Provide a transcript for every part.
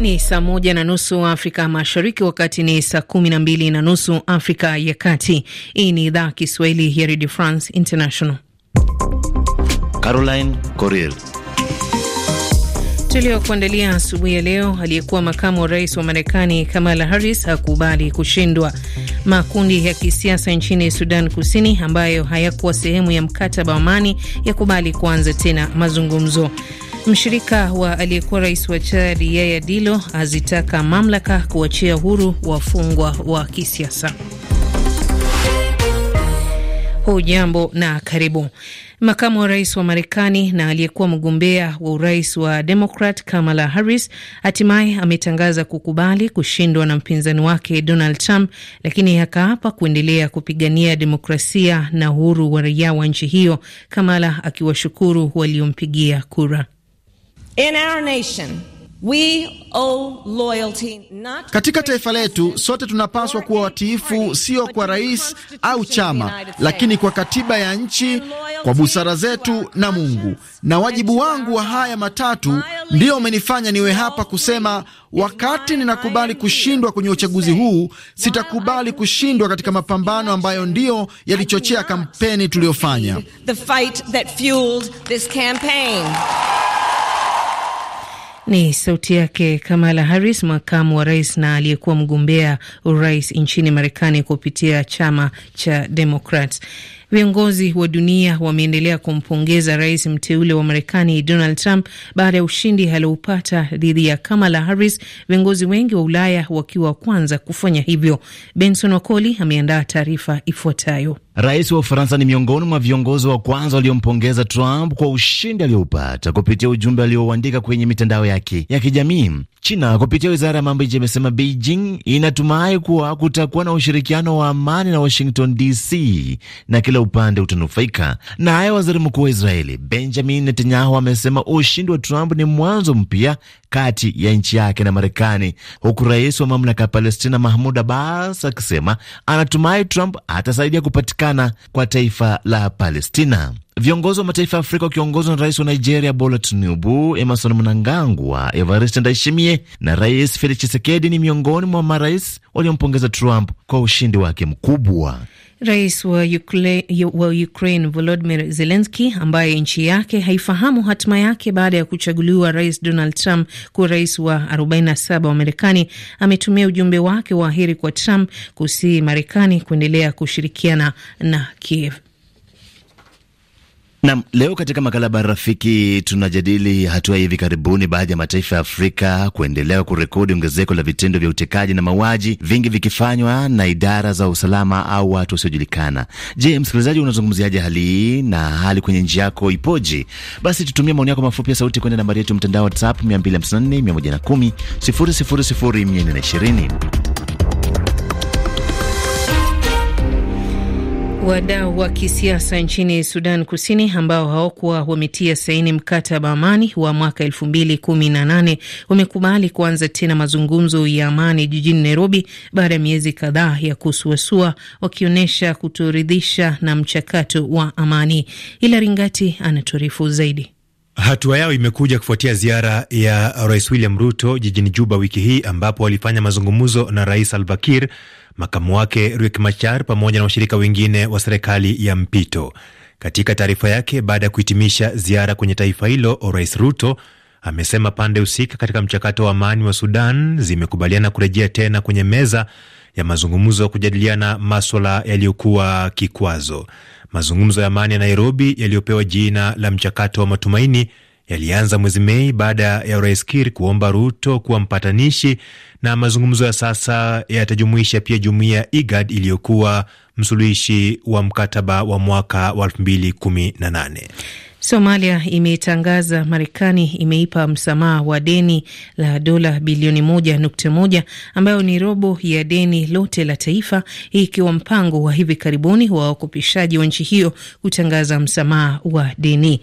Ni saa moja na nusu Afrika Mashariki, wakati ni saa kumi na mbili na nusu Afrika ya Kati. Hii ni idhaa Kiswahili ya Redio France International. Caroline Corrier Tuliokuandalia asubuhi ya leo. Aliyekuwa makamu wa rais wa Marekani Kamala Harris hakubali kushindwa. Makundi ya kisiasa nchini Sudan Kusini ambayo hayakuwa sehemu ya mkataba wa amani yakubali kuanza tena mazungumzo. Mshirika wa aliyekuwa rais wa chadi Yaya Dilo azitaka mamlaka kuachia huru wafungwa wa kisiasa. Hujambo na karibu. Makamu wa rais wa Marekani na aliyekuwa mgombea wa urais wa Demokrat Kamala Harris hatimaye ametangaza kukubali kushindwa na mpinzani wake Donald Trump, lakini akaapa kuendelea kupigania demokrasia na uhuru wa raia wa nchi hiyo, Kamala akiwashukuru waliompigia kura. In our nation, we owe loyalty not... Katika taifa letu sote tunapaswa kuwa watiifu, sio kwa rais au chama, lakini kwa katiba ya nchi, kwa busara zetu na Mungu. Na wajibu wangu wa haya matatu ndio umenifanya niwe hapa kusema, wakati ninakubali kushindwa kwenye uchaguzi huu, sitakubali kushindwa katika mapambano ambayo ndiyo yalichochea kampeni tuliyofanya. Ni sauti yake Kamala Harris, makamu wa rais na aliyekuwa mgombea urais nchini Marekani kupitia chama cha Democrats. Viongozi wa dunia wameendelea kumpongeza rais mteule wa Marekani Donald Trump baada ya ushindi alioupata dhidi ya Kamala Harris, viongozi wengi wa Ulaya wakiwa kwanza kufanya hivyo. Benson Wakoli ameandaa taarifa ifuatayo. Rais wa Ufaransa ni miongoni mwa viongozi wa kwanza waliompongeza Trump kwa ushindi alioupata kupitia ujumbe aliouandika kwenye mitandao yake ya kijamii. China kupitia wizara ya mambo ya nje imesema Beijing inatumai kuwa kutakuwa na ushirikiano wa amani na Washington DC na kila kila upande utanufaika na haya. Waziri mkuu wa Israeli Benjamin Netanyahu amesema ushindi wa Trump ni mwanzo mpya kati ya nchi yake na Marekani, huku rais wa mamlaka ya Palestina Mahmud Abbas akisema anatumai Trump atasaidia kupatikana kwa taifa la Palestina. Viongozi wa mataifa ya Afrika wakiongozwa na rais wa Nigeria Bola Tinubu, Emerson Mnangagwa, Evariste Ndayishimiye na rais Felix Tshisekedi ni miongoni mwa marais waliompongeza Trump kwa ushindi wake mkubwa. Rais wa, wa Ukraine Volodymyr Zelensky ambaye nchi yake haifahamu hatima yake baada ya kuchaguliwa Rais Donald Trump kuwa rais wa 47 wa Marekani ametumia ujumbe wake wa heri kwa Trump kusii Marekani kuendelea kushirikiana na Kiev. Nam, leo katika makala Bara Rafiki tunajadili hatua hivi karibuni baadhi ya mataifa ya Afrika kuendelea kurekodi ongezeko la vitendo vya utekaji na mauaji, vingi vikifanywa na idara za usalama au watu wasiojulikana. Je, msikilizaji, unazungumziaje hali hii na hali kwenye nchi yako ipoje? Basi tutumie maoni yako mafupi ya sauti kwenda nambari yetu mtandao WhatsApp 254 110 000 420. Wadau wa kisiasa nchini Sudan Kusini ambao hawakuwa wametia saini mkataba wa amani wa mwaka elfu mbili kumi na nane wamekubali kuanza tena mazungumzo ya amani jijini Nairobi baada ya miezi kadhaa ya kusuasua, wakionyesha kutoridhisha na mchakato wa amani. Ila Ringati anatuarifu zaidi. Hatua yao imekuja kufuatia ziara ya Rais William Ruto jijini Juba wiki hii ambapo walifanya mazungumzo na Rais Salva Kiir, makamu wake Riek Machar pamoja na washirika wengine wa serikali ya mpito. Katika taarifa yake baada ya kuhitimisha ziara kwenye taifa hilo, Rais Ruto amesema pande husika katika mchakato wa amani wa Sudan zimekubaliana kurejea tena kwenye meza ya mazungumzo ya kujadiliana maswala yaliyokuwa kikwazo. Mazungumzo ya amani ya Nairobi yaliyopewa jina la mchakato wa matumaini yalianza mwezi Mei baada ya Rais Kiir kuomba Ruto kuwa mpatanishi, na mazungumzo ya sasa yatajumuisha pia jumuiya ya IGAD iliyokuwa msuluhishi wa mkataba wa mwaka wa 2018. Somalia imetangaza Marekani imeipa msamaha wa deni la dola bilioni moja nukta moja ambayo ni robo ya deni lote la taifa, hii ikiwa mpango wa hivi karibuni wa wakopeshaji wa nchi hiyo kutangaza msamaha wa deni.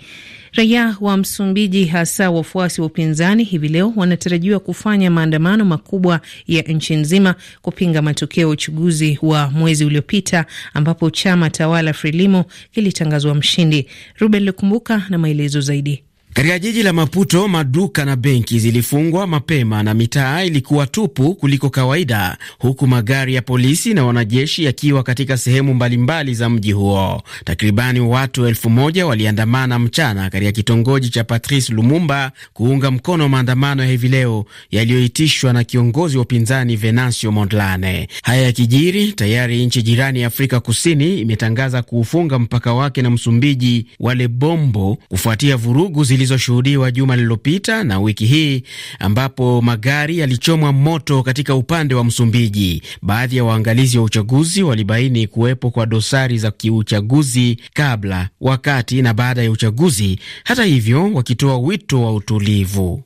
Raia wa Msumbiji, hasa wafuasi wa upinzani, hivi leo wanatarajiwa kufanya maandamano makubwa ya nchi nzima kupinga matokeo ya uchaguzi wa mwezi uliopita, ambapo chama tawala Frelimo kilitangazwa mshindi. Ruben Lukumbuka na maelezo zaidi. Katika jiji la Maputo, maduka na benki zilifungwa mapema na mitaa ilikuwa tupu kuliko kawaida, huku magari ya polisi na wanajeshi yakiwa katika sehemu mbalimbali za mji huo. Takribani watu elfu moja waliandamana mchana katika kitongoji cha Patrice Lumumba kuunga mkono maandamano ya hivi leo yaliyoitishwa na kiongozi wa upinzani Venancio Mondlane. Haya yakijiri, tayari nchi jirani ya Afrika Kusini imetangaza kuufunga mpaka wake na Msumbiji wa Lebombo kufuatia vurugu zili zilizoshuhudiwa juma lililopita na wiki hii, ambapo magari yalichomwa moto katika upande wa Msumbiji. Baadhi ya waangalizi wa uchaguzi walibaini kuwepo kwa dosari za kiuchaguzi kabla, wakati na baada ya uchaguzi, hata hivyo wakitoa wito wa utulivu.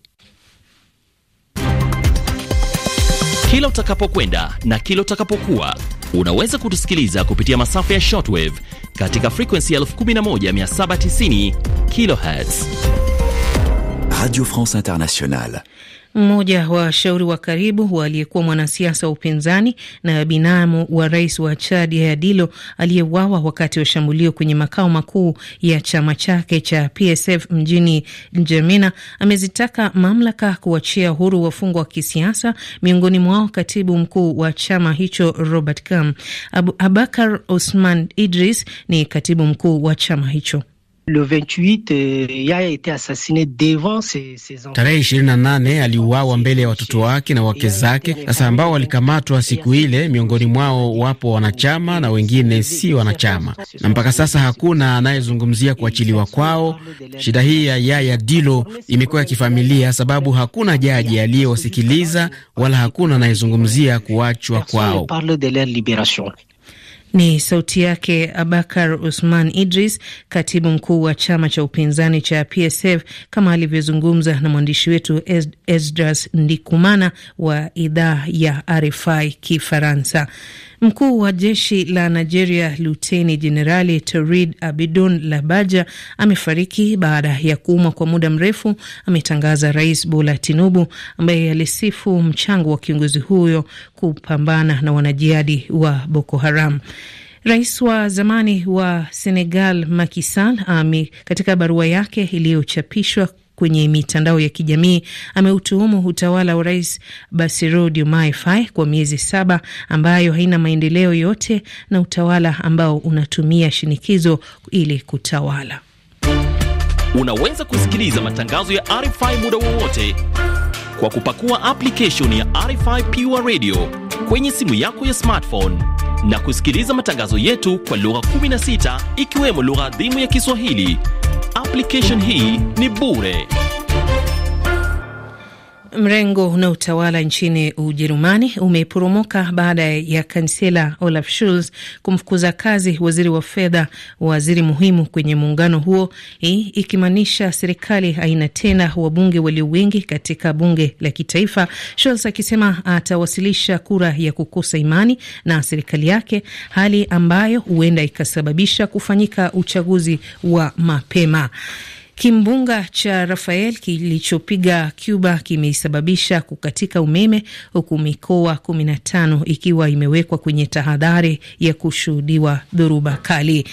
Kila utakapokwenda na kila utakapokuwa unaweza kutusikiliza kupitia masafa ya shortwave katika frequency 11790 kilohertz Radio France Internationale. Mmoja wa washauri wa karibu wa aliyekuwa mwanasiasa wa upinzani na binamu wa rais wa Chad Yahya Dillo aliyeuawa wakati wa shambulio kwenye makao makuu ya chama chake cha PSF mjini Njamena amezitaka mamlaka kuachia huru wafungwa wa kisiasa, miongoni mwao katibu mkuu wa chama hicho Robert cam Abubakar Osman Idris ni katibu mkuu wa chama hicho. Le 28, Yaya été assassiné devant ses, ses enfants. Tarehe 28 aliuawa mbele ya watoto wake na wake zake, sasa ambao walikamatwa siku ile. Miongoni mwao wapo wanachama na wengine si wanachama, na mpaka sasa hakuna anayezungumzia kuachiliwa kwao. Shida hii ya Yaya Dilo imekuwa ya kifamilia, sababu hakuna jaji aliyewasikiliza wala hakuna anayezungumzia kuachwa kwao. Ni sauti yake Abakar Usman Idris, katibu mkuu wa chama cha upinzani cha PSF, kama alivyozungumza na mwandishi wetu Esdras Ndikumana wa idhaa ya RFI Kifaransa. Mkuu wa jeshi la Nigeria Luteni Jenerali Torid Abidun Labaja amefariki baada ya kuumwa kwa muda mrefu, ametangaza Rais Bola Tinubu, ambaye alisifu mchango wa kiongozi huyo kupambana na wanajihadi wa Boko Haram. Rais wa zamani wa Senegal Macky Sall katika barua yake iliyochapishwa kwenye mitandao ya kijamii ameutuhumu utawala wa Rais Bassirou Diomaye Faye kwa miezi saba ambayo haina maendeleo yote na utawala ambao unatumia shinikizo ili kutawala. Unaweza kusikiliza matangazo ya RFI muda wowote kwa kupakua application ya RFI Pure Radio kwenye simu yako ya smartphone na kusikiliza matangazo yetu kwa lugha 16 ikiwemo lugha adhimu ya Kiswahili. Application hii ni bure. Mrengo unaotawala nchini Ujerumani umeporomoka baada ya kansela Olaf Scholz kumfukuza kazi waziri wa fedha, waziri muhimu kwenye muungano huo, hii ikimaanisha serikali haina tena wabunge walio wengi katika bunge la kitaifa, Scholz akisema atawasilisha kura ya kukosa imani na serikali yake, hali ambayo huenda ikasababisha kufanyika uchaguzi wa mapema. Kimbunga cha Rafael kilichopiga Cuba kimesababisha kukatika umeme huku mikoa 15 ikiwa imewekwa kwenye tahadhari ya kushuhudiwa dhoruba kali.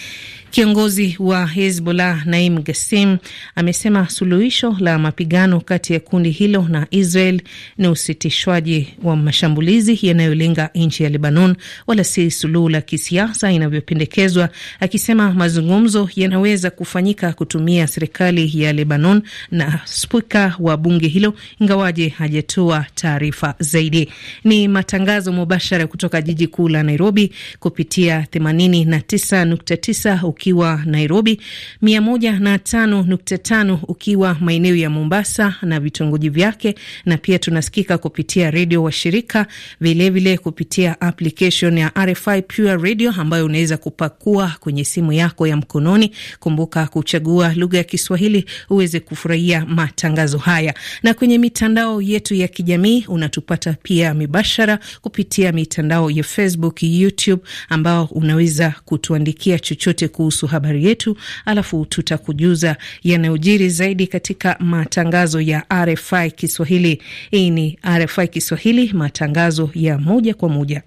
Kiongozi wa Hezbollah Naim Gassim amesema suluhisho la mapigano kati ya kundi hilo na Israel ni usitishwaji wa mashambulizi yanayolenga nchi ya Lebanon, wala si suluhu la kisiasa inavyopendekezwa, akisema mazungumzo yanaweza kufanyika kutumia serikali ya Lebanon na spika wa bunge hilo, ingawaje hajatoa taarifa zaidi. Ni matangazo mubashara kutoka jiji kuu la Nairobi kupitia 89.9 ukiwa Nairobi, 105.5 ukiwa maeneo ya Mombasa na vitongoji vyake, na pia tunasikika kupitia redio shirika vilevile kupitia application ya RFI Pure Radio ambayo unaweza kupakua kwenye simu yako ya mkononi. Kumbuka kuchagua lugha ya Kiswahili uweze kufurahia matangazo haya, na kwenye mitandao yetu ya kijamii unatupata pia mibashara kupitia mitandao ya Facebook, YouTube ambao unaweza kutuandikia chochote ku kuhusu habari yetu, alafu tutakujuza yanayojiri zaidi katika matangazo ya RFI Kiswahili. Hii ni RFI Kiswahili, matangazo ya moja kwa moja